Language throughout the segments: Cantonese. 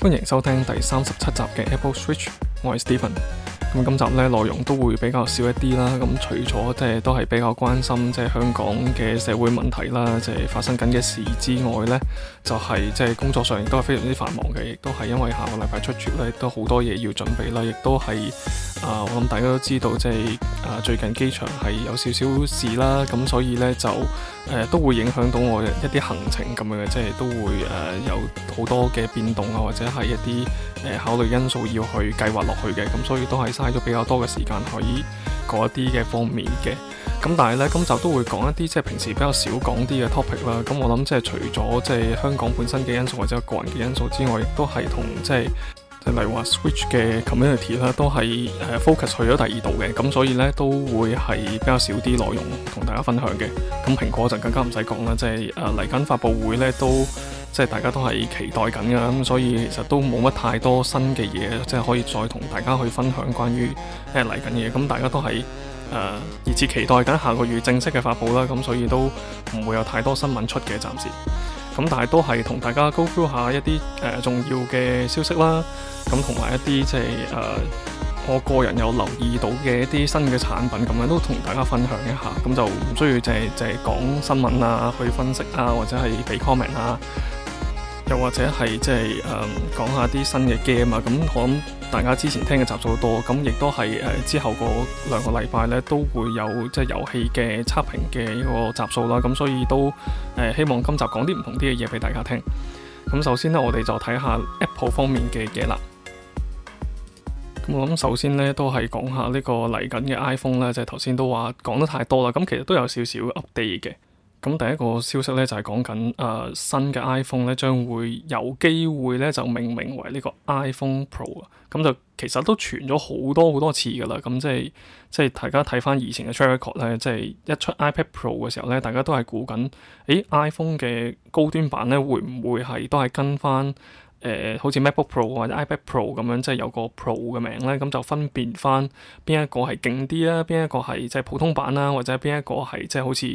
歡迎收聽第三十七集嘅 Apple Switch，我係 Stephen。咁今集咧，內容都會比較少一啲啦，咁除咗即係都係比較關心即係香港嘅社會問題啦，即係發生緊嘅事之外咧，就係即係工作上亦都係非常之繁忙嘅，亦都係因為下個禮拜出書咧都好多嘢要準備啦，亦都係。啊，我諗大家都知道，即係啊，最近機場係有少少事啦，咁所以呢，就誒、呃、都會影響到我一啲行程咁樣嘅，即係都會誒、呃、有好多嘅變動啊，或者係一啲誒、呃、考慮因素要去計劃落去嘅，咁所以都係嘥咗比較多嘅時間去嗰一啲嘅方面嘅。咁但係呢，今集都會講一啲即係平時比較少講啲嘅 topic 啦。咁我諗即係除咗即係香港本身嘅因素或者個人嘅因素之外，亦都係同即係。例如話 Switch 嘅 Community 啦，都係誒 focus 去咗第二度嘅，咁所以咧都會係比較少啲內容同大家分享嘅。咁蘋果就更加唔使講啦，即係誒嚟緊發佈會咧，都即係大家都係期待緊㗎，咁所以其實都冇乜太多新嘅嘢，即係可以再同大家去分享關於誒嚟緊嘅嘢。咁、啊、大家都係誒、啊、熱切期待緊下個月正式嘅發佈啦，咁所以都唔會有太多新聞出嘅，暫時。咁但係都係同大家 go through 下一啲誒、呃、重要嘅消息啦，咁同埋一啲即係誒我個人有留意到嘅一啲新嘅產品，咁樣都同大家分享一下，咁、嗯、就唔需要淨係淨係講新聞啊，去分析啊，或者係俾 comment 啦、啊。又或者係即係誒講下啲新嘅 game 啊，咁我諗大家之前聽嘅集數多，咁亦都係誒、呃、之後嗰兩個禮拜咧都會有即係、就是、遊戲嘅測評嘅一個集數啦，咁所以都誒、呃、希望今集講啲唔同啲嘅嘢俾大家聽。咁首先呢，我哋就睇下 Apple 方面嘅嘢啦。咁我諗首先咧都係講下呢個嚟緊嘅 iPhone 咧，即係頭先都話講得太多啦，咁其實都有少少 update 嘅。咁第一個消息咧就係講緊誒新嘅 iPhone 咧將會有機會咧就命名為呢個 iPhone Pro 啊，咁、嗯、就其實都傳咗好多好多次噶啦，咁、嗯、即係即係大家睇翻以前嘅 track record 咧，即係一出 iPad Pro 嘅時候咧，大家都係估緊，誒 iPhone 嘅高端版咧會唔會係都係跟翻？誒、呃，好似 MacBook Pro 或者 iPad Pro 咁樣，即係有個 Pro 嘅名咧，咁就分辨翻邊一個係勁啲啦，邊一個係即係普通版啦，或者邊一個係即係好似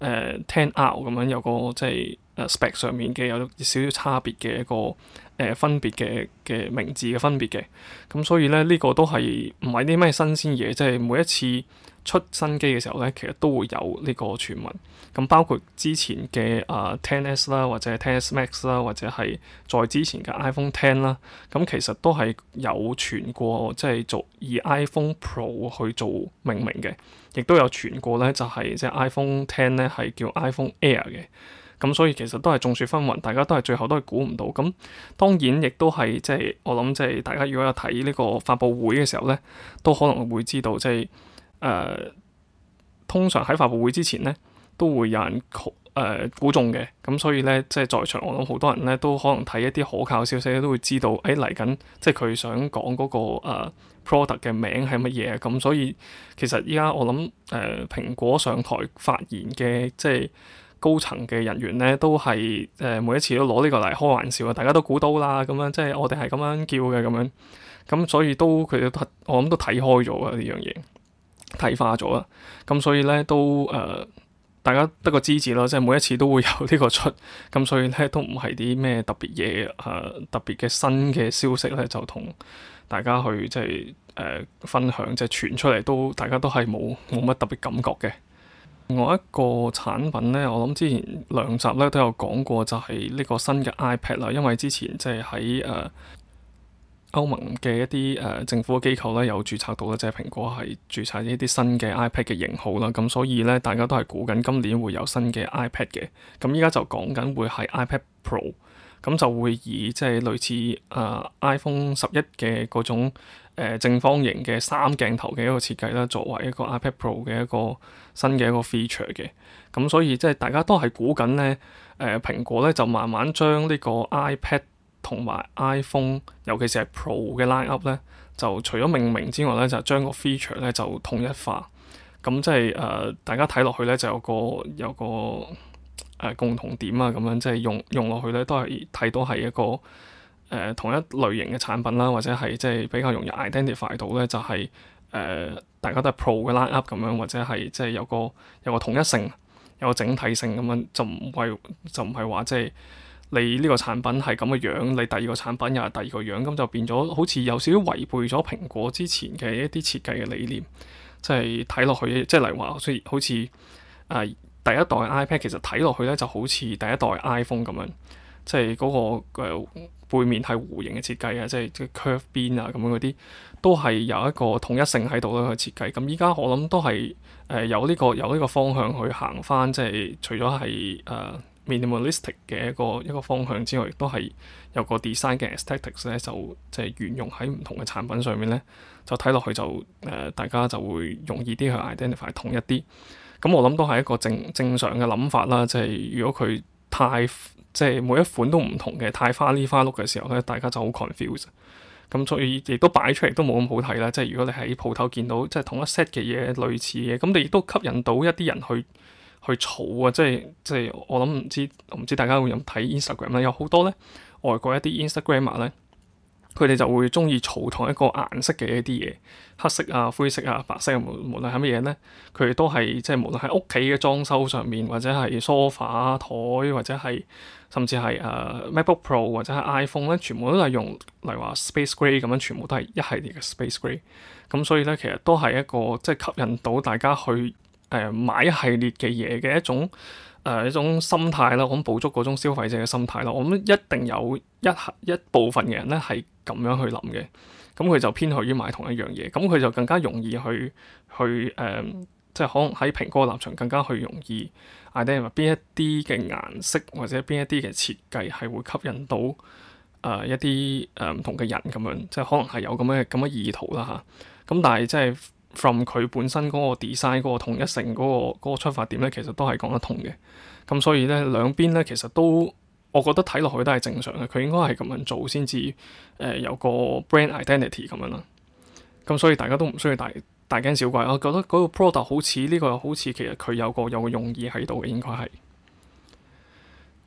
誒聽 Out 咁樣有個即係。Uh, spec 上面嘅有少少差別嘅一個誒、呃、分別嘅嘅名字嘅分別嘅，咁所以咧呢、呢個都係唔係啲咩新鮮嘢？即、就、係、是、每一次出新機嘅時候咧，其實都會有呢個傳聞。咁包括之前嘅啊 XS 啦，或者係 XS Max 啦，或者係再之前嘅 iPhone X 啦，咁其實都係有傳過，即、就、係、是、做以 iPhone Pro 去做命名嘅，亦都有傳過咧，就係、是、即係、就是、iPhone X 咧係叫 iPhone Air 嘅。咁所以其實都係眾說紛紜，大家都係最後都係估唔到。咁當然亦都係即係我諗，即係大家如果有睇呢個發布會嘅時候咧，都可能會知道即係誒通常喺發布會之前咧，都會有人誒估中嘅。咁所以咧，即係在場我諗好多人咧都可能睇一啲可靠消息都會知道，誒嚟緊即係佢想講嗰個誒 product 嘅名係乜嘢。咁，嗯，所以其實依家我諗誒蘋果上台發言嘅即係。高層嘅人員咧，都係誒、呃、每一次都攞呢個嚟開玩笑啊！大家都估到啦，咁樣即係我哋係咁樣叫嘅咁樣，咁所以都佢哋我諗都睇開咗啊呢樣嘢，睇化咗啦。咁所以咧都誒、呃，大家得個支持啦，即係每一次都會有呢個出。咁所以咧都唔係啲咩特別嘢啊，特別嘅新嘅消息咧，就同大家去即係誒、呃、分享，即係傳出嚟都大家都係冇冇乜特別感覺嘅。另外一個產品咧，我諗之前兩集咧都有講過，就係呢個新嘅 iPad 啦。因為之前即係喺誒歐盟嘅一啲誒、呃、政府嘅機構咧有註冊到啦，即係蘋果係註冊呢啲新嘅 iPad 嘅型號啦。咁所以咧，大家都係估緊今年會有新嘅 iPad 嘅。咁依家就講緊會係 iPad Pro，咁就會以即係類似誒、呃、iPhone 十一嘅嗰種。誒、呃、正方形嘅三鏡頭嘅一個設計啦，作為一個 iPad Pro 嘅一個新嘅一個 feature 嘅，咁所以即係大家都係估緊咧，誒、呃、蘋果咧就慢慢將呢個 iPad 同埋 iPhone，尤其是係 Pro 嘅 line up 咧，就除咗命名之外咧，就將個 feature 咧就統一化，咁即係誒、呃、大家睇落去咧就有個有個誒、呃、共同點啊，咁樣即係用用落去咧都係睇到係一個。誒、呃、同一類型嘅產品啦，或者係即係比較容易 identify 到咧，就係、是、誒、呃、大家都係 Pro 嘅 line up 咁樣，或者係即係有個有個統一性，有個整體性咁樣，就唔係就唔係話即係你呢個產品係咁嘅樣,樣，你第二個產品又係第二個樣，咁就變咗好似有少少違背咗蘋果之前嘅一啲設計嘅理念，即係睇落去，即、就、係、是、例如話所以好似啊、呃、第一代 iPad 其實睇落去咧就好似第一代 iPhone 咁樣。即係嗰、那個、呃、背面係弧形嘅設計啊，即係嘅 curve 邊啊，咁樣嗰啲都係有一個統一性喺度咯。佢設計咁依家我諗都係誒、呃、有呢、這個有呢個方向去行翻，即係除咗係誒、呃、minimalistic 嘅一個一個方向之外，亦都係有個 design 嘅 aesthetics 咧，就即係沿用喺唔同嘅產品上面咧，就睇落去就誒、呃、大家就會容易啲去 identify 統一啲。咁我諗都係一個正正常嘅諗法啦。即、就、係、是、如果佢太即係每一款都唔同嘅，太花呢花碌嘅時候咧，大家就好 confuse。咁所以亦都擺出嚟都冇咁好睇啦。即係如果你喺鋪頭見到，即係同一 set 嘅嘢，類似嘅，咁你亦都吸引到一啲人去去炒啊！即係即係我諗唔知，我唔知，唔知大家會唔會睇 Instagram 咧，有好多咧外國一啲 Instagrammer 咧。佢哋就會鍾意儲同一個顏色嘅一啲嘢，黑色啊、灰色啊、白色啊，無論無論係乜嘢咧，佢哋都係即係無論係屋企嘅裝修上面，或者係梳化、枱，或者係甚至係誒、uh, MacBook Pro 或者係 iPhone 咧，全部都係用例如話 Space Grey 咁樣，全部都係一系列嘅 Space Grey。咁所以咧，其實都係一個即係吸引到大家去誒、uh, 買一系列嘅嘢嘅一種，誒一、uh, 種心態咯，咁捕捉嗰種消費者嘅心態咯，我諗一定有一一,一部分嘅人咧係咁樣去諗嘅，咁佢就偏向於買同一樣嘢，咁佢就更加容易去去誒、呃，即係可能喺蘋果嘅立場更加去容易 idea 邊、啊、一啲嘅顏色或者邊一啲嘅設計係會吸引到誒、呃、一啲誒唔同嘅人咁樣，即係可能係有咁嘅咁嘅意圖啦吓，咁、啊、但係即係。from 佢本身嗰個 design 嗰、那個同一性嗰、那個嗰、那個出發點咧，其實都係講得通嘅。咁所以咧兩邊咧，其實都我覺得睇落去都係正常嘅。佢應該係咁樣做先至，誒有個 brand identity 咁樣啦。咁所以大家都唔需要大大驚小怪。我覺得嗰個 product 好似呢、這個又好似其實佢有個有個用意喺度嘅，應該係。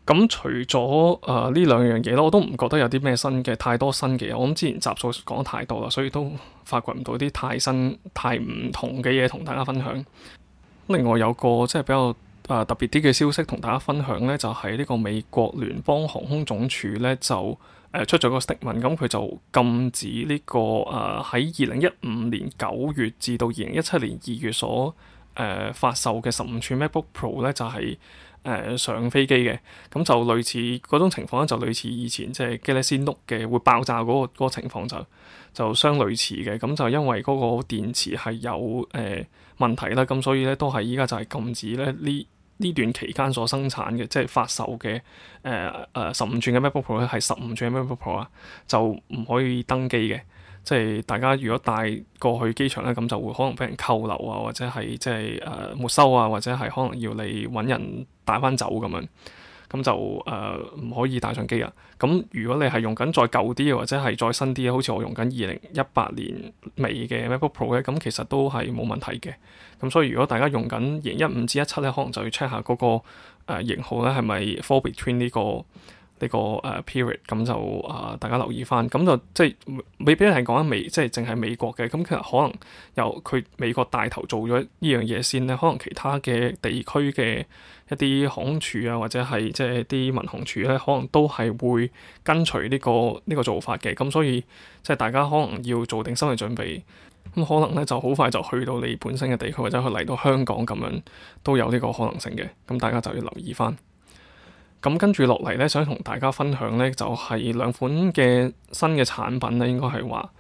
咁除咗誒呢兩樣嘢咯，我都唔覺得有啲咩新嘅，太多新嘅。我諗之前集數講太多啦，所以都發掘唔到啲太新、太唔同嘅嘢同大家分享。另外有個即係比較誒、呃、特別啲嘅消息同大家分享呢，就係、是、呢個美國聯邦航空總署呢，就誒、呃、出咗個 statement，咁佢就禁止呢、這個誒喺二零一五年九月至到二零一七年二月所誒、呃、發售嘅十五寸 MacBook Pro 呢，就係、是。誒上飛機嘅，咁就類似嗰種情況咧，就類似以前即係 Galaxy Note 嘅會爆炸嗰個嗰個情況，就就相類似嘅，咁就因為嗰個電池係有誒問題啦，咁所以咧都係依家就係禁止咧，呢呢段期間所生產嘅，即係發售嘅誒誒十五寸嘅 MacBook Pro 咧，係十五寸嘅 MacBook Pro 啊，就唔可以登機嘅。即係大家如果帶過去機場咧，咁就會可能俾人扣留啊，或者係即係誒沒收啊，或者係可能要你揾人帶翻走咁樣，咁就誒唔、呃、可以帶上機啊。咁如果你係用緊再舊啲或者係再新啲，好似我用緊二零一八年尾嘅 MacBook Pro 咧，咁其實都係冇問題嘅。咁所以如果大家用緊二零一五至一七咧，可能就要 check 下嗰、嗰個、呃、型號咧係咪 fall between 呢、呢個。呢個誒 period，咁就啊大家留意翻，咁就即係未必係講緊美，即係淨係美國嘅，咁其實可能由佢美國帶頭做咗呢樣嘢先咧，可能其他嘅地區嘅一啲航空署啊，或者係即係啲民航署咧，可能都係會跟隨呢個呢個做法嘅，咁所以即係大家可能要做定心理準備，咁可能咧就好快就去到你本身嘅地區，或者佢嚟到香港咁樣都有呢個可能性嘅，咁大家就要留意翻。咁跟住落嚟咧，想同大家分享咧，就係、是、兩款嘅新嘅產品咧，應該係話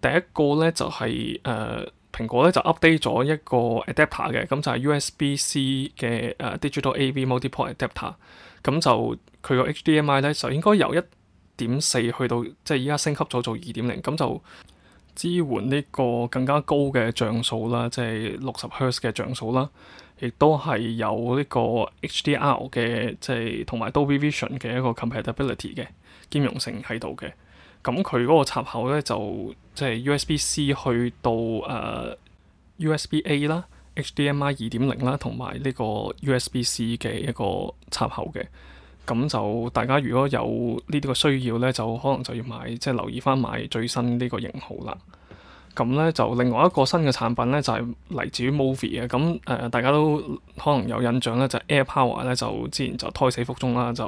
第一個咧就係、是、誒、呃、蘋果咧就 update 咗一個 adapter 嘅，咁就係 USB-C 嘅誒、呃、digital AV multi-port adapter，咁就佢個 HDMI 咧就應該由一點四去到即係依家升級咗做二點零，咁就支援呢個更加高嘅像素啦，即係六十赫茲嘅像素啦。亦都係有呢個 HDR 嘅，即係同埋 Dolby Vision 嘅一個 compatibility 嘅兼容性喺度嘅。咁佢嗰個插口咧就即係、就是、USB C 去到誒、uh, USB A 啦、HDMI 二點零啦，同埋呢個 USB C 嘅一個插口嘅。咁就大家如果有呢啲嘅需要咧，就可能就要買，即、就、係、是、留意翻買最新呢個型號啦。咁咧就另外一個新嘅產品咧就係、是、嚟自於 Movie 嘅，咁誒、呃、大家都可能有印象咧，就是、AirPower 咧就之前就胎死腹中啦，就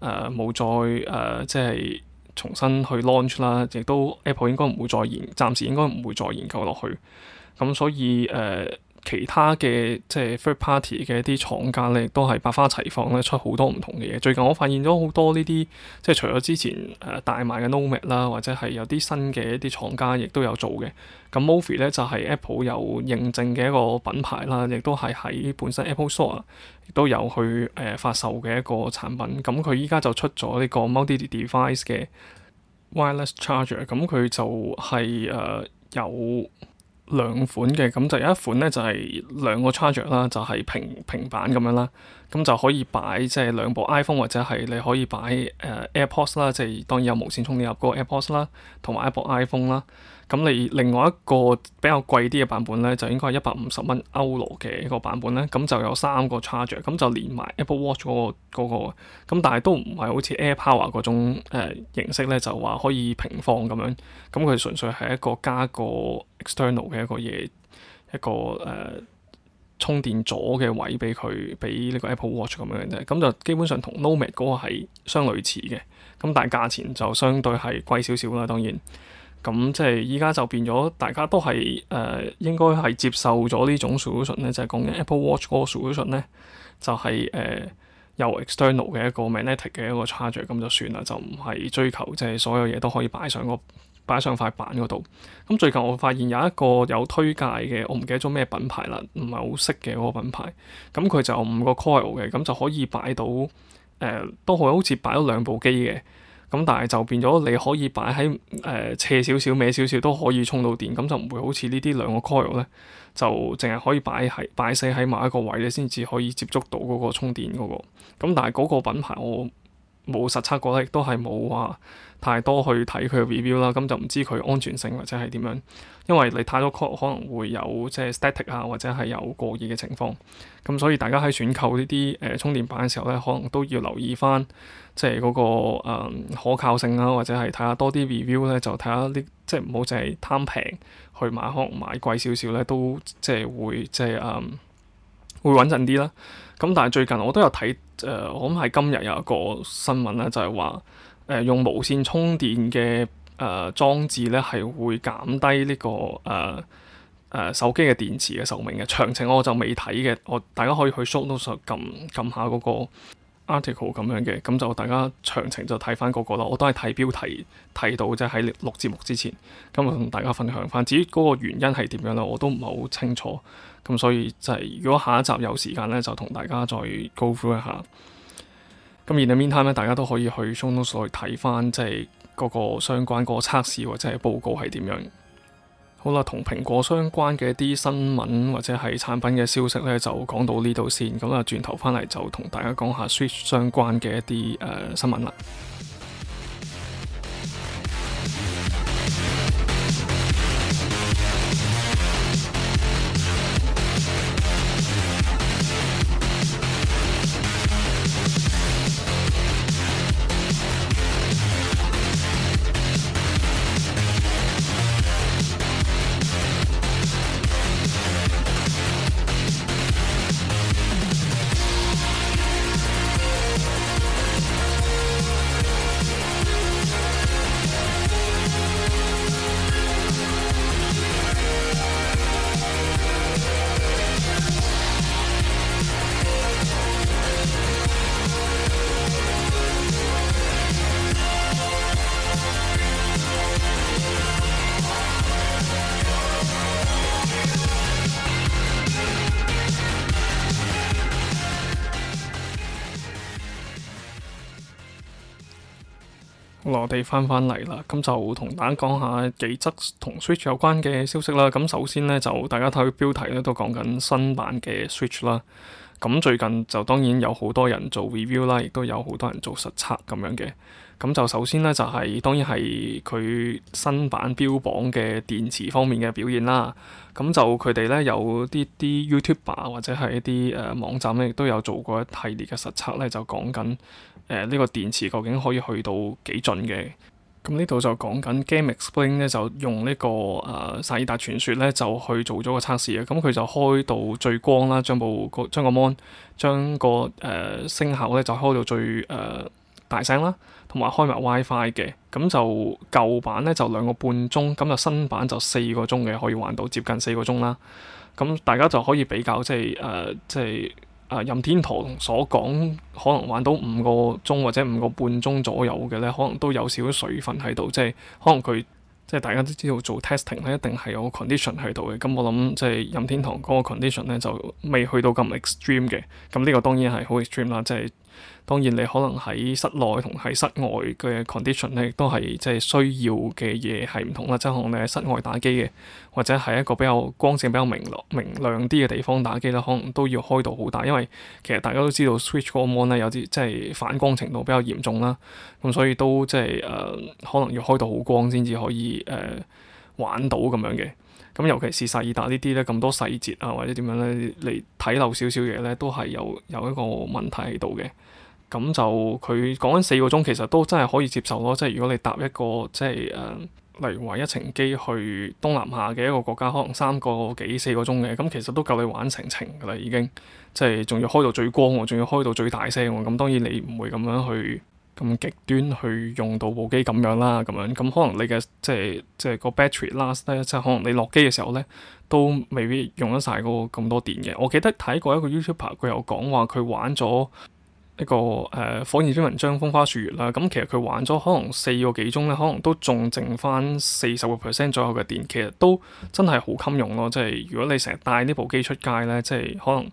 誒冇、呃、再誒、呃、即係重新去 launch 啦，亦都 Apple 應該唔會再研，暫時應該唔會再研究落去，咁所以誒。呃其他嘅即係 third party 嘅一啲廠家咧，亦都係百花齊放咧，出好多唔同嘅嘢。最近我發現咗好多呢啲，即係除咗之前誒、呃、大賣嘅 Nomad 啦，或者係有啲新嘅一啲廠家亦都有做嘅。咁 Mophie 咧就係、是、Apple 有認證嘅一個品牌啦，亦都係喺本身 Apple Store 亦都有去誒、呃、發售嘅一個產品。咁佢依家就出咗呢個 Multi Device 嘅 Wireless Charger，咁佢就係、是、誒、呃、有。兩款嘅，咁就有一款咧，就係兩個 charger 啦，就係平平板咁樣啦。咁就可以擺即係兩部 iPhone 或者係你可以擺誒 AirPods 啦，呃、AirPods，即係當然有無線充電盒嗰個 AirPods 啦，同埋 Apple iPhone 啦。咁你另外一個比較貴啲嘅版本咧，就應該係一百五十蚊歐羅嘅一個版本咧，咁就有三個 charger，咁就連埋 Apple Watch 嗰、那個、咁、嗰個、但係都唔係好似 AirPower 嗰種、呃、形式咧，就話可以平放咁樣。咁佢純粹係一個加個 external 嘅一個嘢，一個誒。呃充電咗嘅位俾佢，俾呢個 Apple Watch 咁樣啫，咁就基本上同 Nomad 嗰個係相類似嘅，咁但係價錢就相對係貴少少啦，當然，咁即係依家就變咗，大家都係誒、呃、應該係接受咗呢種 solution 咧，就係、是、講緊 Apple Watch 嗰個 solution 咧，就係、是、誒、呃、有 external 嘅一個 magnetic 嘅一個 charge 咁就算啦，就唔係追求即係、就是、所有嘢都可以擺上、那個。擺上塊板嗰度。咁最近我發現有一個有推介嘅，我唔記得咗咩品牌啦，唔係好識嘅嗰個品牌。咁佢就五個 coil 嘅，咁就可以擺到誒、呃，都可好似擺咗兩部機嘅。咁但係就變咗你可以擺喺誒、呃、斜少少、歪少少都可以充到電。咁就唔會好似呢啲兩個 coil 咧，就淨係可以擺喺擺死喺某一個位咧先至可以接觸到嗰個充電嗰、嗰個。咁但係嗰個品牌我冇實測過咧，亦都係冇話。太多去睇佢嘅 review 啦，咁就唔知佢安全性或者係點樣，因為你太多可能會有即係 static 啊，或者係有過熱嘅情況，咁所以大家喺選購呢啲誒充電板嘅時候咧，可能都要留意翻即係嗰個誒可靠性啦，或者係睇下多啲 review 咧，就睇下呢，即係唔好淨係貪平去買，可能買貴少少咧都即係會即係誒會穩陣啲啦。咁但係最近我都有睇誒，我諗係今日有一個新聞咧，就係話。誒、呃、用無線充電嘅誒、呃、裝置咧，係會減低呢、這個誒誒、呃呃、手機嘅電池嘅壽命嘅。詳情我就未睇嘅，我大家可以去 show notes 撳撳下嗰個 article 咁樣嘅，咁就大家詳情就睇翻嗰個啦。我都係睇標題睇到，即係喺錄節目之前，今我同大家分享翻。至於嗰個原因係點樣咧，我都唔係好清楚。咁所以就係、是、如果下一集有時間咧，就同大家再 go through 一下。咁而喺 Meantime 咧，大家都可以去 Show Notes 去睇翻，即係嗰個相關個測試或者係報告係點樣。好啦，同蘋果相關嘅一啲新聞或者係產品嘅消息咧，就講到呢度先。咁啊，轉頭翻嚟就同大家講下 Switch 相關嘅一啲誒、呃、新聞啦。我哋翻返嚟啦，咁就同大家講下幾則同 Switch 有關嘅消息啦。咁首先呢，就大家睇佢標題咧都講緊新版嘅 Switch 啦。咁最近就當然有好多人做 review 啦，亦都有好多人做實測咁樣嘅。咁就首先呢，就係、是、當然係佢新版標榜嘅電池方面嘅表現啦。咁就佢哋呢，有啲啲 YouTuber 或者係一啲誒、呃、網站呢，亦都有做過一系列嘅實測呢，就講緊。誒呢、呃這個電池究竟可以去到幾盡嘅？咁呢度就講緊 GameXplain 咧，就用、這個呃、薩爾達傳呢個誒《薩爾達傳說》咧，就去做咗個測試啊！咁佢就開到最光啦，將部將個將個 Mon，將個誒聲效咧就開到最誒、呃、大聲啦，同埋開埋 WiFi 嘅。咁就舊版咧就兩個半鐘，咁就新版就四個鐘嘅，可以玩到接近四個鐘啦。咁大家就可以比較，即係誒、呃，即係。啊，任天堂所講可能玩到五個鐘或者五個半鐘左右嘅咧，可能都有少少水分喺度，即係可能佢即係大家都知道做 testing 咧，一定係有個 condition 喺度嘅。咁我諗即係任天堂嗰個 condition 咧，就未去到咁 extreme 嘅。咁呢個當然係好 extreme 喇，即係。當然，你可能喺室內同喺室外嘅 condition 咧，亦都係即係需要嘅嘢係唔同啦。即係可能你喺室外打機嘅，或者係一個比較光線比較明亮明亮啲嘅地方打機啦，可能都要開到好大，因為其實大家都知道 Switch 個 mon 咧，有啲即係反光程度比較嚴重啦。咁所以都即係誒、呃，可能要開到好光先至可以誒、呃、玩到咁樣嘅。咁尤其是《薩爾達》呢啲咧，咁多細節啊，或者點樣咧嚟睇漏少少嘢咧，都係有有一個問題喺度嘅。咁就佢講緊四個鐘，其實都真係可以接受咯。即係如果你搭一個即係誒，例如話一程機去東南亞嘅一個國家，可能三個幾四個鐘嘅，咁其實都夠你玩成程㗎啦。已經即係仲要開到最光喎，仲要開到最大聲喎。咁當然你唔會咁樣去咁極端去用到部機咁樣啦。咁樣咁可能你嘅即係即係個 battery last 咧，即係可能你落機嘅時候咧都未必用得晒嗰個咁多電嘅。我記得睇過一個 YouTuber 佢有講話佢玩咗。一個誒、呃、火焰之紋章風花雪月啦，咁、嗯、其實佢玩咗可能四個幾鍾咧，可能都仲剩翻四十個 percent 左右嘅電，其實都真係好襟用咯。即係如果你成日帶呢部機出街咧，即係可能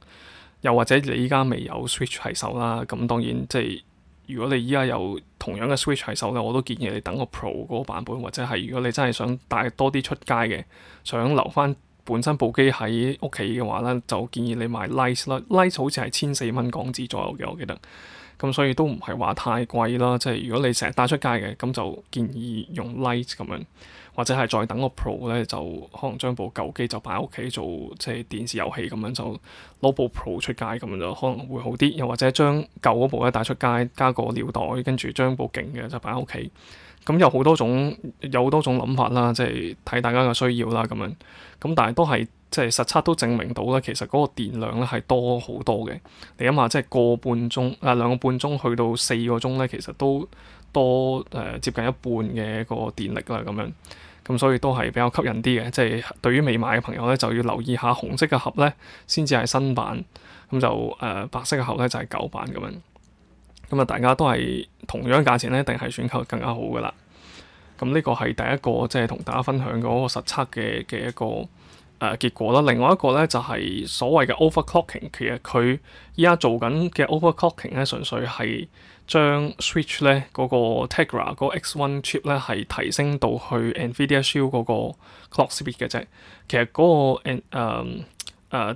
又或者你而家未有 Switch 喺手啦，咁當然即係如果你而家有同樣嘅 Switch 喺手咧，我都建議你等個 Pro 嗰個版本，或者係如果你真係想帶多啲出街嘅，想留翻。本身部機喺屋企嘅話咧，就建議你買 Lite 啦。Lite 好似係千四蚊港紙左右嘅，我記得。咁所以都唔係話太貴啦。即係如果你成日帶出街嘅，咁就建議用 Lite 咁樣，或者係再等個 Pro 咧，就可能將部舊機就擺喺屋企做即係電視遊戲咁樣，就攞部 Pro 出街咁就可能會好啲。又或者將舊嗰部咧帶出街，加個尿袋，跟住將部勁嘅就擺喺屋企。咁有好多種有好多種諗法啦，即係睇大家嘅需要啦，咁樣。咁但係都係即係實測都證明到啦，其實嗰個電量咧係多好多嘅。你諗下，即係個半鐘啊兩個半鐘去到四個鐘咧，其實都多誒、呃、接近一半嘅個電力啦，咁樣。咁所以都係比較吸引啲嘅，即係對於未買嘅朋友咧，就要留意下紅色嘅盒咧先至係新版，咁就誒、呃、白色嘅盒咧就係、是、舊版咁樣。咁啊、嗯，大家都係同樣價錢咧，一定係選購更加好噶啦。咁呢個係第一個，即係同大家分享嗰個實測嘅嘅一個誒、呃、結果啦。另外一個咧就係、是、所謂嘅 overclocking，其實佢依家做緊嘅 overclocking 咧，純粹係將 switch 咧嗰、那個 Tegra 嗰個 X One chipX1 chip 咧係提升到去 NVIDIA Shield 嗰個 clock speed 嘅啫。其實嗰、那個誒誒、嗯嗯呃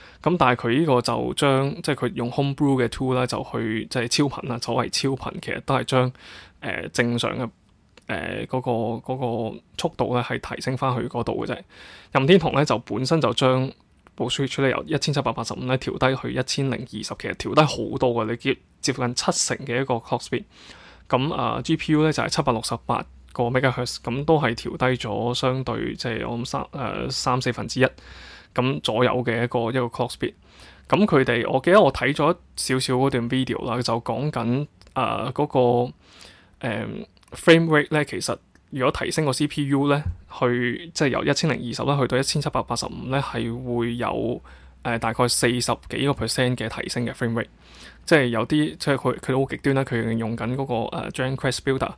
咁但係佢呢個就將即係佢用 Homebrew 嘅 tool 咧就去即係、就是、超頻啦，所謂超頻其實都係將誒正常嘅誒嗰個速度咧係提升翻去嗰度嘅啫。任天堂咧就本身就將部 Switch 由一千七百八十五咧調低去一千零二十，其實調低好多嘅，你接近七成嘅一個 clock speed。咁、uh, 啊 G P U 咧就係七百六十八個 megahertz，咁都係調低咗，相對即係、就是、我諗三誒三四分之一。咁左右嘅一個一個 clock speed，咁佢哋我記得我睇咗少少嗰段 video 啦，就講緊誒嗰個、呃、frame rate 咧。其實如果提升個 CPU 咧，去即係由一千零二十啦，去到一千七百八十五咧，係會有誒、呃、大概四十幾個 percent 嘅提升嘅 frame rate。即係有啲即係佢佢好極端啦，佢用緊、那、嗰個誒 Dragon Quest Builders。呃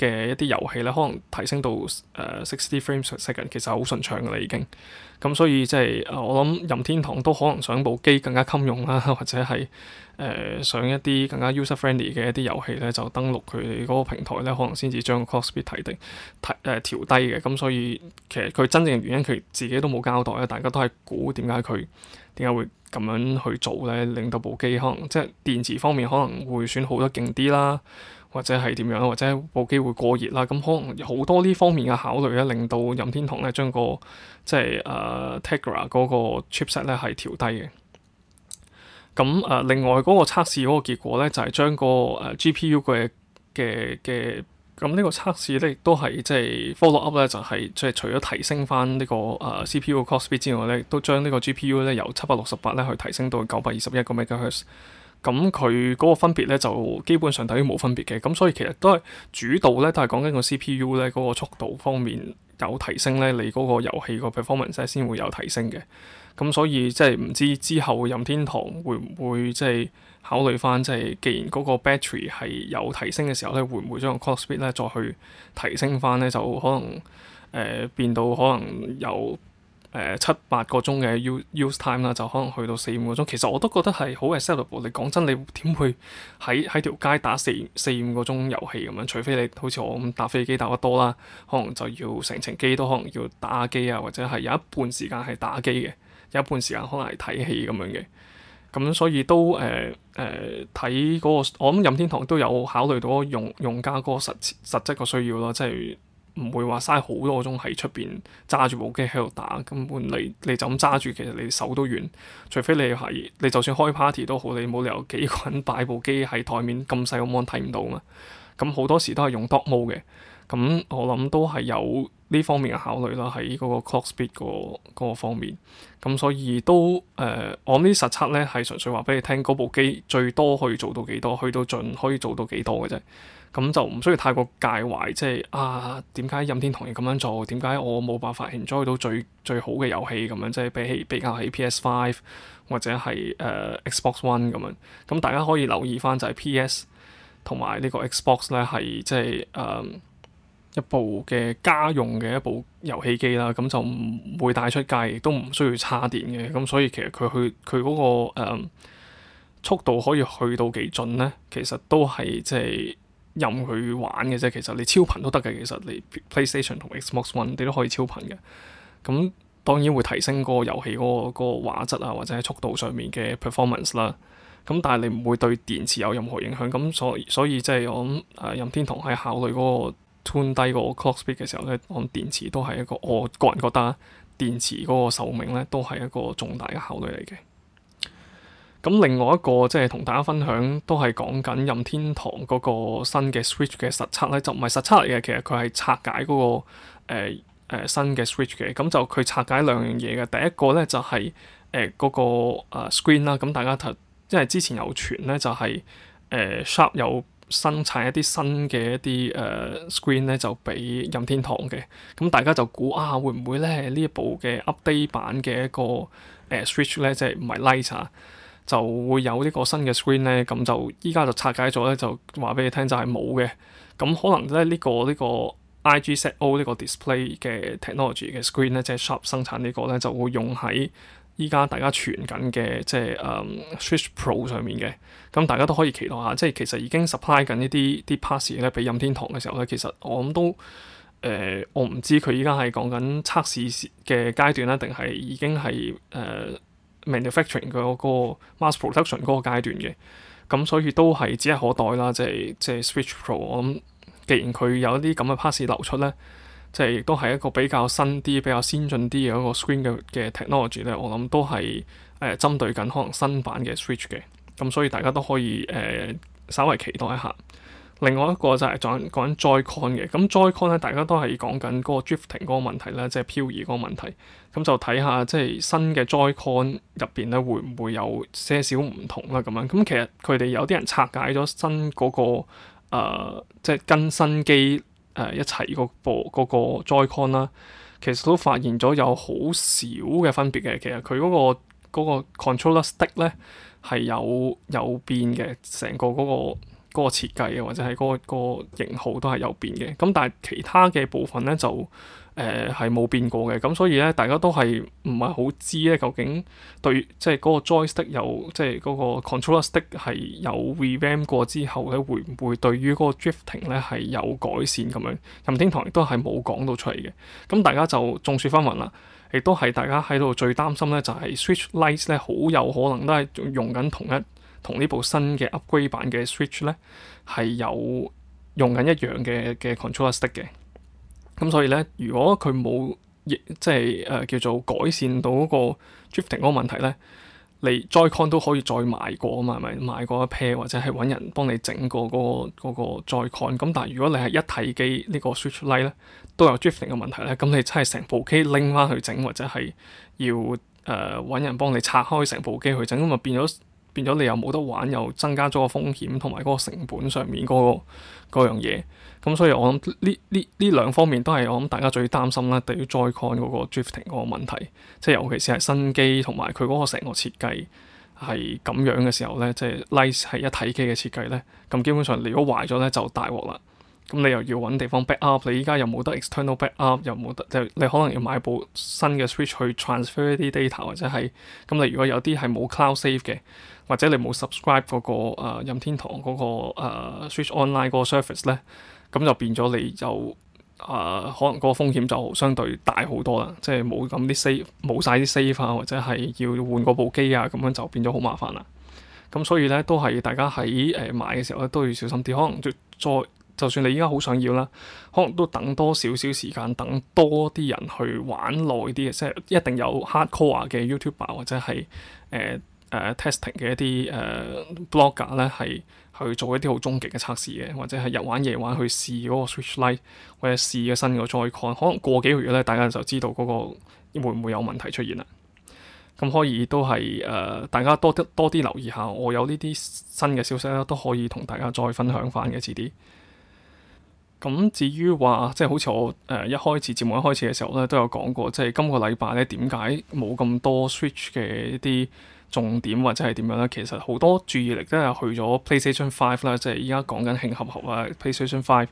嘅一啲遊戲咧，可能提升到 Sixty f r a m e s per e c o 其實好順暢嘅啦，已經。咁所以即、就、係、是、我諗任天堂都可能想部機更加襟用啦，或者係誒上一啲更加 user friendly 嘅一啲遊戲咧，就登錄佢哋嗰個平台咧，可能先至將 c o s p l a y 提定提誒、呃、調低嘅。咁所以其實佢真正原因佢自己都冇交代咧，大家都係估點解佢點解會咁樣去做咧，令到部機可能即係、就是、電池方面可能會選好得勁啲啦。或者係點樣，或者部機會過熱啦，咁可能好多呢方面嘅考慮咧，令到任天堂咧將個即係誒、uh, Tegra 嗰個 chipset 咧係調低嘅。咁誒、uh, 另外嗰個測試嗰個結果咧，就係、是、將個誒、uh, GPU 嘅嘅嘅咁呢個測試咧亦都係即係 follow up 咧，就係即係除咗提升翻呢、這個誒、uh, CPU 嘅 clock speed 之外咧，都將個呢個 GPU 咧由七百六十八咧去提升到九百二十一個 megahertz。咁佢嗰個分別咧就基本上等於冇分別嘅，咁所以其實都係主導咧都係講緊個 CPU 咧嗰個速度方面有提升咧，你嗰個遊戲個 performance 先會有提升嘅。咁所以即係唔知之後任天堂會唔會即係考慮翻即係，既然嗰個 battery 係有提升嘅時候咧，會唔會將個 clock speed 咧再去提升翻咧？就可能誒、呃、變到可能有。誒七八個鐘嘅 use time 啦，就可能去到四五個鐘。其實我都覺得係好 acceptable。你講真，你點會喺喺條街打四四五個鐘遊戲咁樣？除非你好似我咁搭飛機搭得多啦，可能就要成程機都可能要打機啊，或者係有一半時間係打機嘅，有一半時間可能係睇戲咁樣嘅。咁所以都誒誒睇嗰個，我諗任天堂都有考慮到用用家個實實質個需要咯，即係。唔會話嘥好多個鐘喺出邊揸住部機喺度打，根本你你就咁揸住，其實你手都軟。除非你係你就算開 party 都好，你冇理由幾個人擺部機喺台面，咁細個芒睇唔到嘛。咁好多時都係用 Dock Mode 嘅。咁我諗都係有呢方面嘅考慮啦，喺嗰個 clock speed 嗰個、嗰個方面。咁所以都誒、呃，我呢啲實測咧係純粹話俾你聽，嗰部機最多可以做到幾多，去到盡可以做到幾多嘅啫。咁就唔需要太過介懷，即係啊，點解任天堂要咁樣做？點解我冇辦法 enjoy 到最最好嘅遊戲咁樣？即係比起比較喺 PS5 或者係誒、uh, Xbox One 咁樣。咁大家可以留意翻就係 PS 同埋呢個 Xbox 咧係即係誒。Uh, 一部嘅家用嘅一部遊戲機啦，咁就唔會帶出街，亦都唔需要叉電嘅。咁所以其實佢去佢嗰、嗰個、誒、速度可以去到幾盡咧？其實都係即係任佢玩嘅啫。其實你超頻都得嘅。其實你 PlayStation 同 Xbox One 你都可以超頻嘅。咁當然會提升嗰個遊戲嗰、嗰個嗰、嗰個、畫質啊，或者係速度上面嘅 performance 啦。咁但係你唔會對電池有任何影響。咁所所以即係我諗誒任天堂喺考慮嗰、嗰個。turn 低個 clock speed 嘅時候咧，講電池都係一個，我個人覺得啊，電池嗰個壽命咧都係一個重大嘅考慮嚟嘅。咁另外一個即係同大家分享，都係講緊任天堂嗰個新嘅 Switch 嘅實測咧，就唔係實測嚟嘅，其實佢係拆解嗰、嗰個誒、呃呃、新嘅 Switch 嘅。咁就佢拆解兩樣嘢嘅，第一個咧就係誒嗰個 screen 啦。咁大家睇，因為之前有傳咧、就係，就係誒 sharp 有。生產一啲新嘅一啲誒、uh, screen 咧，就俾任天堂嘅，咁，大家就估啊，會唔會咧呢一部嘅 update 版嘅一個誒、uh, switch 咧，即、就、係、是、唔係 Lite、啊、就會有呢個新嘅 screen 咧？咁就依家就拆解咗咧，就話俾你聽就係冇嘅。咁可能即呢個呢個 IGZO 呢個 display 嘅 technology 嘅 screen 咧，即係 Sharp 生產呢個咧就會用喺，依家大家傳緊嘅即係誒、嗯、Switch Pro 上面嘅，咁大家都可以期待下，即係其實已經 supply 緊呢啲啲 parts 咧，俾任天堂嘅時候咧，其實我諗都誒、呃，我唔知佢依家係講緊測試嘅階段咧，定係已經係誒、呃、manufacturing 嗰、那個 mass production 嗰個階段嘅，咁所以都係指日可待啦，即係即係 Switch Pro。我諗既然佢有一啲咁嘅 parts 流出咧。即係亦都係一個比較新啲、比較先進啲嘅一個 screen 嘅 technology 咧，technology, 我諗都係誒、呃、針對緊可能新版嘅 Switch 嘅，咁所以大家都可以誒、呃、稍微期待一下。另外一個就係講,講講 Joy-Con 嘅，咁 Joy-Con 咧大家都係講緊嗰個 drifting 嗰個問題咧，即係漂移嗰個問題。咁就睇下即係新嘅 Joy-Con 入邊咧，會唔會有些少唔同啦咁樣。咁其實佢哋有啲人拆解咗新嗰、那個、呃、即係更新機。誒一齊、嗰個部嗰、嗰個 Joy-Con 啦，其實都發現咗有好少嘅分別嘅。其實佢嗰、嗰個嗰個 controller stick 咧，係有有變嘅，成個嗰、嗰個嗰、嗰個設計啊，或者係嗰、嗰個嗰個型號都係有變嘅。咁但係其他嘅部分咧就～誒係冇變過嘅，咁所以咧，大家都係唔係好知咧？究竟對即係嗰個 joystick 有即係嗰個 controller stick 係有 revamp 過之後咧，會唔會對於嗰個 drifting 咧係有改善咁樣？任天堂亦都係冇講到出嚟嘅，咁大家就眾說紛紜啦。亦都係大家喺度最擔心咧，就係 Switch Lite 咧好有可能都係用緊同一同呢部新嘅 upgrade 版嘅 Switch 咧，係有用緊一樣嘅嘅 controller stick 嘅。咁所以咧，如果佢冇亦即係誒、呃、叫做改善到嗰個 drifting 嗰個問題咧，你 Joy-Con 都可以再買過嘛，係咪買過一 pair 或者係揾人幫你整過嗰、嗰、嗰個再、嗰個嗰個、con？咁但係如果你係一體機個 light 呢個 Switch Lite 咧，都有 drifting 嘅問題咧，咁你真係成部機拎翻去整或者係要誒揾、呃、人幫你拆開成部機去整，咁咪變咗？變咗你又冇得玩，又增加咗個風險同埋嗰個成本上面嗰、那個嗰樣嘢。咁所以我諗呢呢呢兩方面都係我諗大家最擔心啦，對於 Joy-Con 嗰個 drifting 嗰個問題，即係尤其是係新機同埋佢嗰個成個設計係咁樣嘅時候咧，即係 Lite 係一體機嘅設計咧，咁基本上你如果壞咗咧就大鑊啦。咁你又要揾地方 backup，你依家又冇得 external backup，又冇得，就你可能要買部新嘅 switch 去 transfer 啲 data 或者係，咁你如果有啲係冇 cloud save 嘅，或者你冇 subscribe、嗰個、呃、任天堂嗰個、呃、switch online 嗰個 service 咧，咁就變咗你就誒、呃、可能嗰個風險就相對大好多啦，即係冇咁啲 save 冇晒啲 save 啊，或者係要換嗰部機啊，咁樣就變咗好麻煩啦。咁所以咧都係大家喺誒買嘅時候咧都要小心啲，可能再。就算你依家好想要啦，可能都等多少少時間，等多啲人去玩耐啲嘅，即係一定有 hard core 嘅 YouTuber 或者係誒誒 testing 嘅一啲誒 blogger 咧，係、呃、去做一啲好終極嘅測試嘅，或者係日玩夜玩去試嗰個 Switch Lite 或者試嘅新嘅 Joy-Con，可能過幾個月咧，大家就知道嗰個會唔會有問題出現啦。咁可以都係誒、呃，大家多多啲留意下。我有呢啲新嘅消息啦，都可以同大家再分享翻嘅，遲啲。咁至於話即係好似我誒、呃、一開始節目一開始嘅時候咧，都有講過，即係今個禮拜咧，點解冇咁多 Switch 嘅一啲重點或者係點樣咧？其實好多注意力都係去咗 PlayStation Five 啦，即係依家講緊慶合合啊，PlayStation Five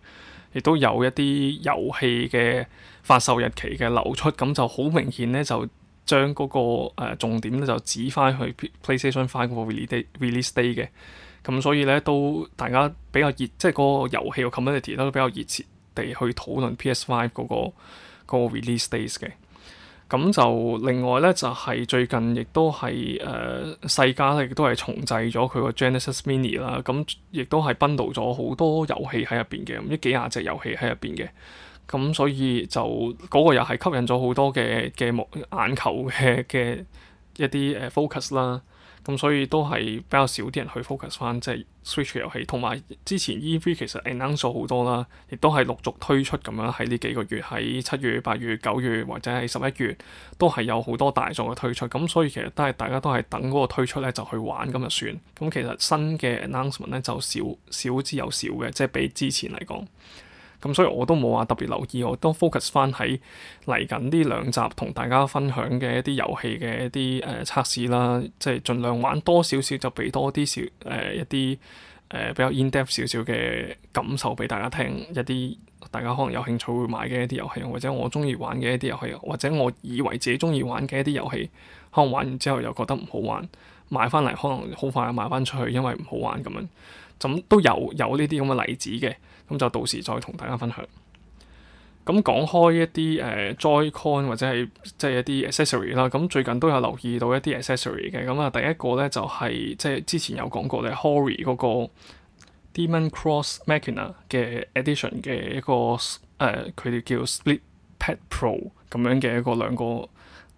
亦都有一啲遊戲嘅發售日期嘅流出，咁就好明顯咧，就將嗰、嗰個、呃、重點咧就指翻去 PlayStation Five 個 release day 嘅。咁所以咧都大家比較熱，即係嗰個遊戲個 community 都比較熱切地去討論 PS5 嗰、那個嗰、那個 release days 嘅。咁就另外咧就係、是、最近亦都係誒世嘉咧亦都係重製咗佢個 Genesis Mini 啦。咁、嗯、亦都係 bundle 咗好多遊戲喺入邊嘅，唔知幾廿隻遊戲喺入邊嘅。咁所以就嗰、那個又係吸引咗好多嘅嘅目眼球嘅嘅一啲誒 focus 啦。咁、嗯、所以都係比較少啲人去 focus 翻即係 switch 遊戲，同埋之前 E3 其實 announce 好多啦，亦都係陸續推出咁樣喺呢幾個月，喺七月、八月、九月或者係十一月都係有好多大作嘅推出。咁所以其實都係大家都係等嗰個推出咧就去玩咁就算。咁其實新嘅 announcement 咧就少之有少之又少嘅，即係比之前嚟講。咁所以我都冇話特別留意，我都 focus 翻喺嚟緊呢兩集同大家分享嘅一啲遊戲嘅一啲誒測試啦，即係盡量玩多少少就畀多啲少誒一啲誒比較 in depth 少少嘅感受畀大家聽，一啲大家可能有興趣會買嘅一啲遊戲，或者我中意玩嘅一啲遊戲，或者我以為自己中意玩嘅一啲遊戲，可能玩完之後又覺得唔好玩，買翻嚟可能好快賣翻出去，因為唔好玩咁樣，咁都有有呢啲咁嘅例子嘅。咁就到時再同大家分享。咁講開一啲誒、呃、Joy-Con 或者係即係一啲 accessory 啦，咁最近都有留意到一啲 accessory 嘅。咁啊，第一個咧就係、是、即係之前有講過咧，Hori 嗰個 Demon Cross Mechanic 嘅 Edition 嘅一個誒，佢、呃、哋叫 Split Pad Pro 咁樣嘅一個兩個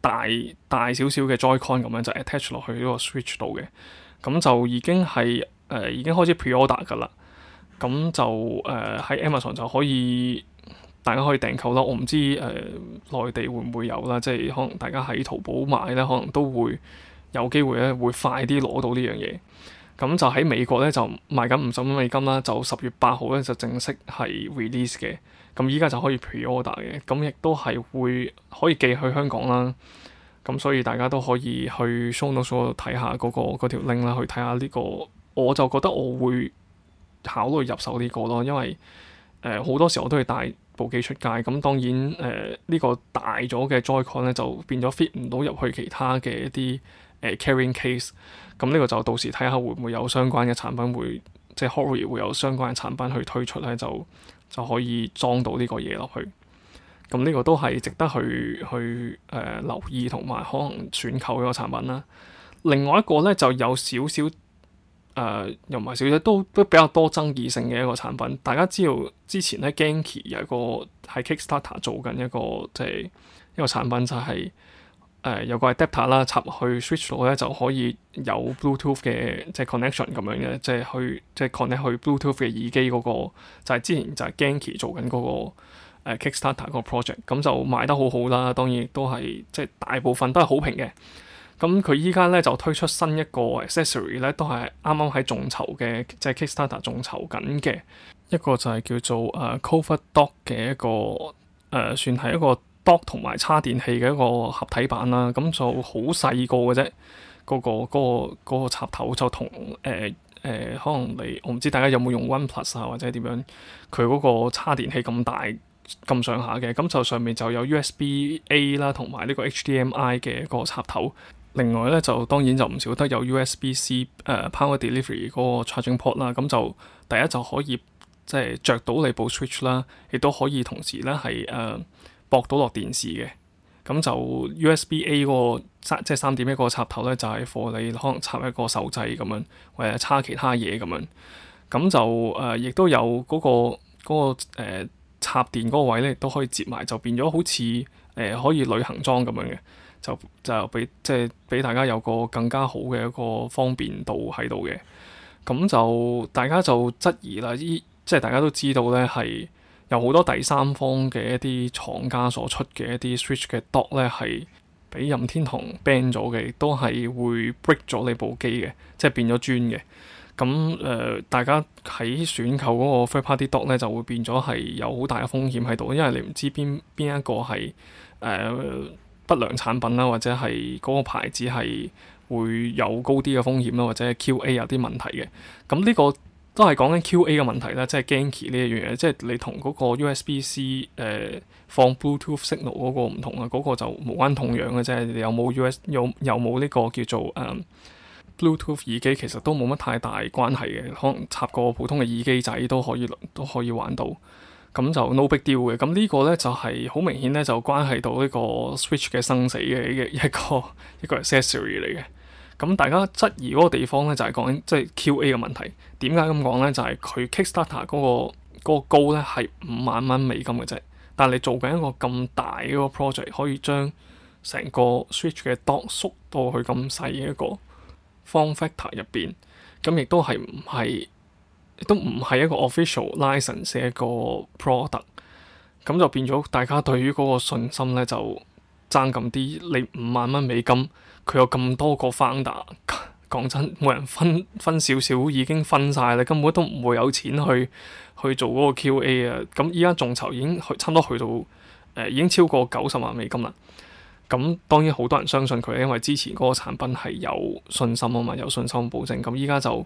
大大少少嘅 Joy-Con 咁樣就 attach 落去呢個 Switch 度嘅，咁就已經係誒、呃、已經開始 pre-order 㗎啦。咁就誒，喺、呃、Amazon 就可以大家可以訂購啦。我唔知誒，內、呃、地會唔會有啦，即係可能大家喺淘寶買咧，可能都會有機會咧，會快啲攞到呢樣嘢。咁就喺美國咧就賣緊五十蚊美金啦，就十月八號咧就正式係 release 嘅。咁依家就可以 pre-order 嘅，咁亦都係會可以寄去香港啦。咁所以大家都可以去 show notes 度睇下嗰個嗰條 link 啦，去睇下呢個，我就覺得我會。考慮入手呢、這個咯，因為誒好、呃、多時候我都係帶部機出街，咁當然誒呢、呃、這個大咗嘅 Joy-Con 咧就變咗 fit 唔到入去其他嘅一啲誒、呃、carrying case，咁呢個就到時睇下會唔會有相關嘅產品會即係 HORI 會有相關嘅產品去推出咧，就就可以裝到呢個嘢落去。咁呢個都係值得去去誒、呃、留意同埋可能選購嘅產品啦。另外一個咧就有少少。誒、呃、又唔係少嘅，都都比較多爭議性嘅一個產品。大家知道之前咧，Genki 有一個喺 Kickstarter 做緊一個即係、就是、一個產品、就是，就係誒有個係 Adapter 啦，插去 Switch 度咧就可以有 Bluetooth 嘅即係 connection 咁樣嘅，即係去即係 connect 去 Bluetooth 嘅耳機嗰、那個。就係、是、之前就係 Genki 做緊嗰、那個、呃、Kickstarter 個 project，咁就賣得好好啦。當然亦都係即係大部分都係好評嘅。咁佢依家咧就推出新一個 accessory 咧，都係啱啱喺眾籌嘅，即係 Kickstarter 眾籌緊嘅一個就係叫做誒、呃、Covert Dock 嘅一個誒、呃，算係一個 Dock 同埋叉電器嘅一個合體版啦。咁就好細個嘅啫，嗰個、嗰個嗰、嗰個插頭就同誒誒，可能你我唔知大家有冇用 OnePlus 啊或者點樣，佢嗰個叉電器咁大咁上下嘅，咁就上面就有 USB A 啦，同埋呢個 HDMI 嘅一個插頭。另外咧就當然就唔少得有 USB C 誒、呃、Power Delivery 嗰個 charging port 啦，咁就第一就可以即係著到你部 Switch 啦，亦都可以同時咧係誒駁到落電視嘅。咁就 USB A 嗰、那個即係三點一個插頭咧，就係、是、for 你可能插一個手掣咁樣，或者插其他嘢咁樣。咁就誒亦、呃、都有嗰、那個嗰、那個呃、插電嗰個位咧，都可以接埋，就變咗好似誒、呃、可以旅行裝咁樣嘅。就就俾即係俾大家有個更加好嘅一個方便度喺度嘅，咁就大家就質疑啦。依即係大家都知道呢，係有好多第三方嘅一啲廠家所出嘅一啲 Switch 嘅 Dock 咧，係俾任天堂 ban 咗嘅，都係會 break 咗你部機嘅，即係變咗磚嘅。咁誒、呃，大家喺選購嗰個 Third Party Dock 咧，就會變咗係有好大嘅風險喺度，因為你唔知邊邊一個係誒。呃不良產品啦，或者係嗰個牌子係會有高啲嘅風險啦，或者 QA 有啲問題嘅。咁呢個都係講緊 QA 嘅問題啦，即係 Ganky 呢一樣嘢，即係你 C,、呃、同嗰個 USB C 誒放 Bluetooth signal 嗰個唔同啊，嗰、嗰個就無關痛癢嘅啫。你有冇 USB 有 US, 有冇呢個叫做誒、嗯、Bluetooth 耳機，其實都冇乜太大關係嘅，可能插個普通嘅耳機仔都可以都可以玩到。咁就 no big deal 嘅，咁呢個咧就係、是、好明顯咧，就關係到呢個 Switch 嘅生死嘅一一個 一個 accessory 嚟嘅。咁大家質疑嗰個地方咧，就係、是、講緊即係 QA 嘅問題。點解咁講咧？就係、是、佢 Kickstarter 嗰、那個那個高咧係五萬蚊美金嘅啫。但係你做緊一個咁大嗰個 project，可以將成個 Switch 嘅 dock 縮到去咁細嘅一個 form factor 入邊，咁亦都係唔係？亦都唔係一個 official license 是一個 product，咁就變咗大家對於嗰個信心咧就爭咁啲。你五萬蚊美金，佢有咁多個 founder 講真，每人分分少少已經分晒啦，根本都唔會有錢去去做嗰個 QA 啊。咁依家眾籌已經去差唔多去到誒、呃，已經超過九十萬美金啦。咁當然好多人相信佢因為之前嗰個產品係有信心啊嘛，有信心保證。咁依家就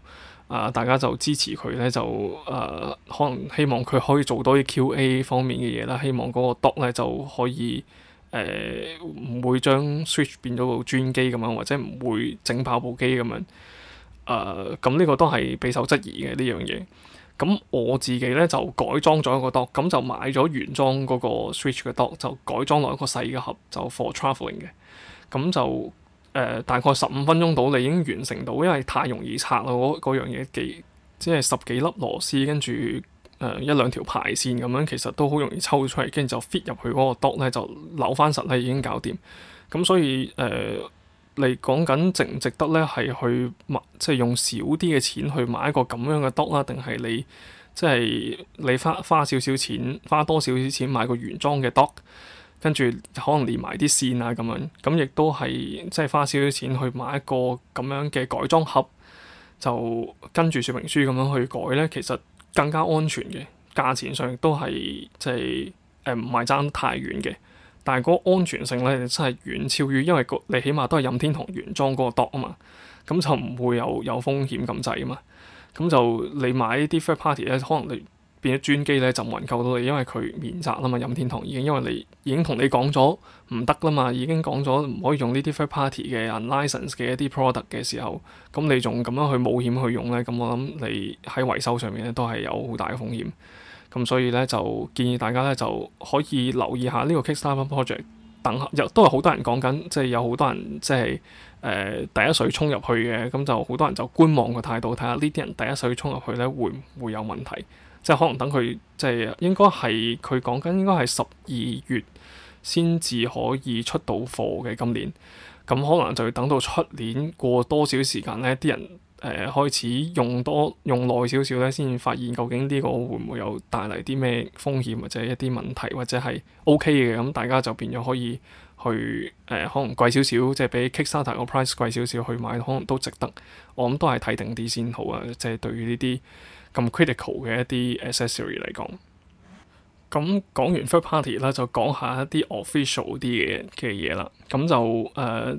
啊、呃，大家就支持佢咧，就啊可能希望佢可以做多啲 QA 方面嘅嘢啦，希望嗰個 Dock 咧就可以誒唔、呃、會將 Switch 變咗部專機咁樣，或者唔會整爆部機咁、呃、樣。啊，咁呢個都係備受質疑嘅呢樣嘢。這個咁我自己咧就改裝咗個 Dock，咁就買咗原裝嗰個 Switch 嘅 Dock，就改裝落一個細嘅盒，就 for travelling 嘅。咁就誒、呃、大概十五分鐘到，你已經完成到，因為太容易拆咯。嗰樣嘢幾即係十幾粒螺絲，跟住誒一兩條排線咁樣，其實都好容易抽出嚟，跟住就 fit 入去嗰個 Dock 咧，就扭翻實咧已經搞掂。咁所以誒。呃你講緊值唔值得咧，係去買，即係用少啲嘅錢去買一個咁樣嘅 Dock 啦，定係你即係你花花少少錢，花多少少錢買個原裝嘅 Dock，跟住可能連埋啲線啊咁樣，咁亦都係即係花少少錢去買一個咁樣嘅改裝盒，就跟住說明書咁樣去改咧，其實更加安全嘅，價錢上亦都係即係誒唔係爭太遠嘅。但係個安全性咧，真係遠超於，因為你起碼都係任天堂原裝嗰個 dock 啊嘛，咁就唔會有有風險咁滯啊嘛。咁就你買啲 third party 咧，可能你變咗專機咧就冇人救到你，因為佢免責啊嘛。任天堂，已經因為你已經同你講咗唔得啦嘛，已經講咗唔可以用呢啲 third party 嘅 unlicense 嘅一啲 product 嘅時候，咁你仲咁樣去冒險去用咧，咁我諗你喺維修上面咧都係有好大嘅風險。咁所以咧就建議大家咧就可以留意下呢個 Kickstarter project，等下又都係好多人講緊，即係有好多人即係誒、呃、第一水衝入去嘅，咁就好多人就觀望嘅態度，睇下呢啲人第一水衝入去咧會唔會有問題？即係可能等佢即係應該係佢講緊應該係十二月先至可以出到貨嘅今年，咁可能就要等到出年過多少時間咧，啲人。誒、呃、開始用多用耐少少咧，先發現究竟呢個會唔會有帶嚟啲咩風險或者一啲問題，或者係 O K 嘅，咁大家就變咗可以去誒、呃，可能貴少少，即係比 Kickstarter 個 price 貴少少去買，可能都值得。我諗都係睇定啲先好啊，即係對於呢啲咁 critical 嘅一啲 accessory 嚟講。咁 講完 third party 啦，就講下一啲 official 啲嘅嘢啦。咁就誒、呃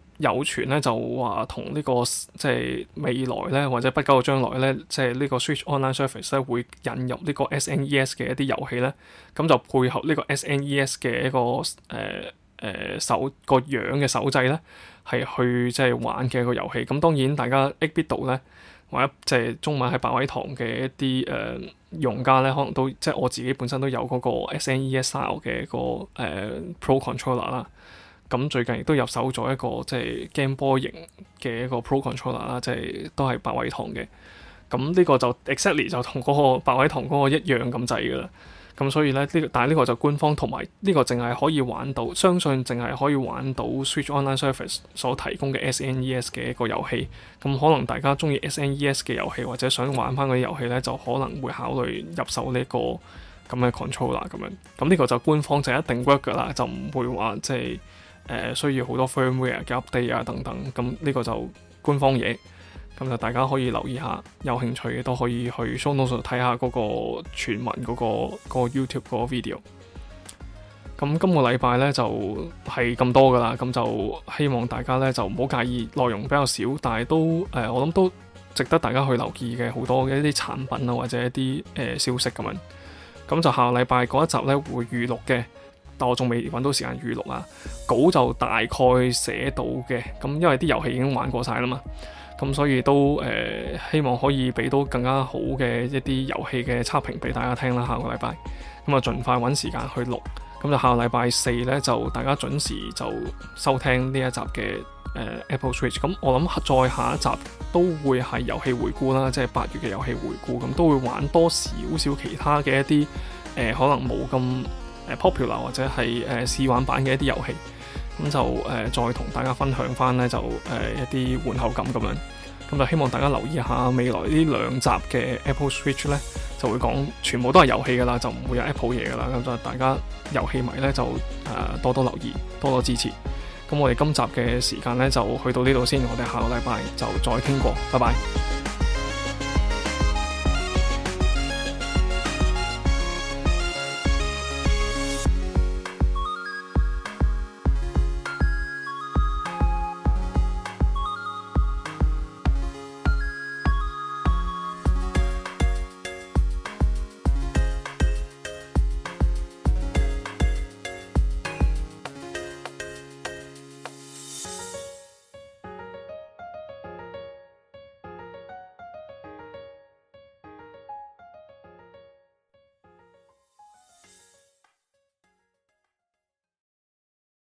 有傳咧就話同呢個即係未來咧，或者不久嘅將來咧，即係呢個 Switch Online Service 咧會引入呢個 SNES 嘅一啲遊戲咧，咁就配合呢個 SNES 嘅一個誒誒、呃呃、手個樣嘅手掣咧，係去即係玩嘅一個遊戲。咁當然大家 Abit 度咧，或者即係中文係百位堂嘅一啲誒、呃、用家咧，可能都即係我自己本身都有嗰個 SNES i 嘅一個誒、呃、Pro Controller 啦。咁最近亦都入手咗一個即係 Game Boy 型嘅一個 Pro Controller 啦，即係都係八位堂嘅。咁呢個就 exactly 就同嗰個八位堂嗰個一樣咁滯噶啦。咁所以咧呢個，但係呢個就官方同埋呢個，淨係可以玩到，相信淨係可以玩到 Switch Online Service 所提供嘅 SNES 嘅一個遊戲。咁可能大家中意 SNES 嘅遊戲或者想玩翻嗰啲遊戲咧，就可能會考慮入手呢、呢個咁嘅 Controller 咁樣。咁呢個就官方就是、一定 work 噶啦，就唔會話即係。誒、需要好多 firmware update，啊等等，咁呢個就官方嘢，咁就大家可以留意下，有興趣嘅都可以去 show notes 度睇下嗰個傳聞嗰個、那個、YouTube 個 video。咁今個禮拜呢就係、是、咁多噶啦，咁就希望大家呢就唔好介意，內容比較少，但係都誒、呃、我諗都值得大家去留意嘅好多嘅一啲產品啊或者一啲誒、呃、消息咁樣。咁就下個禮拜嗰一集呢會預錄嘅。但我仲未揾到時間預錄啊，稿就大概寫到嘅，咁因為啲遊戲已經玩過晒啦嘛，咁所以都誒、呃、希望可以俾到更加好嘅一啲遊戲嘅測評俾大家聽啦。下個禮拜咁啊，就盡快揾時間去錄，咁就下個禮拜四呢，就大家準時就收聽呢一集嘅、呃、Apple Switch。咁我諗再下一集都會係遊戲回顧啦，即係八月嘅遊戲回顧，咁都會玩多少少其他嘅一啲誒、呃、可能冇咁 popular 或者係誒試玩版嘅一啲遊戲，咁就誒、呃、再同大家分享翻呢就誒、呃、一啲玩後感咁樣，咁就希望大家留意下未來呢兩集嘅 Apple Switch 呢就會講全部都係遊戲噶啦，就唔會有 Apple 嘢噶啦。咁就大家遊戲迷呢，就誒、呃、多多留意，多多支持。咁我哋今集嘅時間呢，就去到呢度先，我哋下個禮拜就再傾過，拜拜。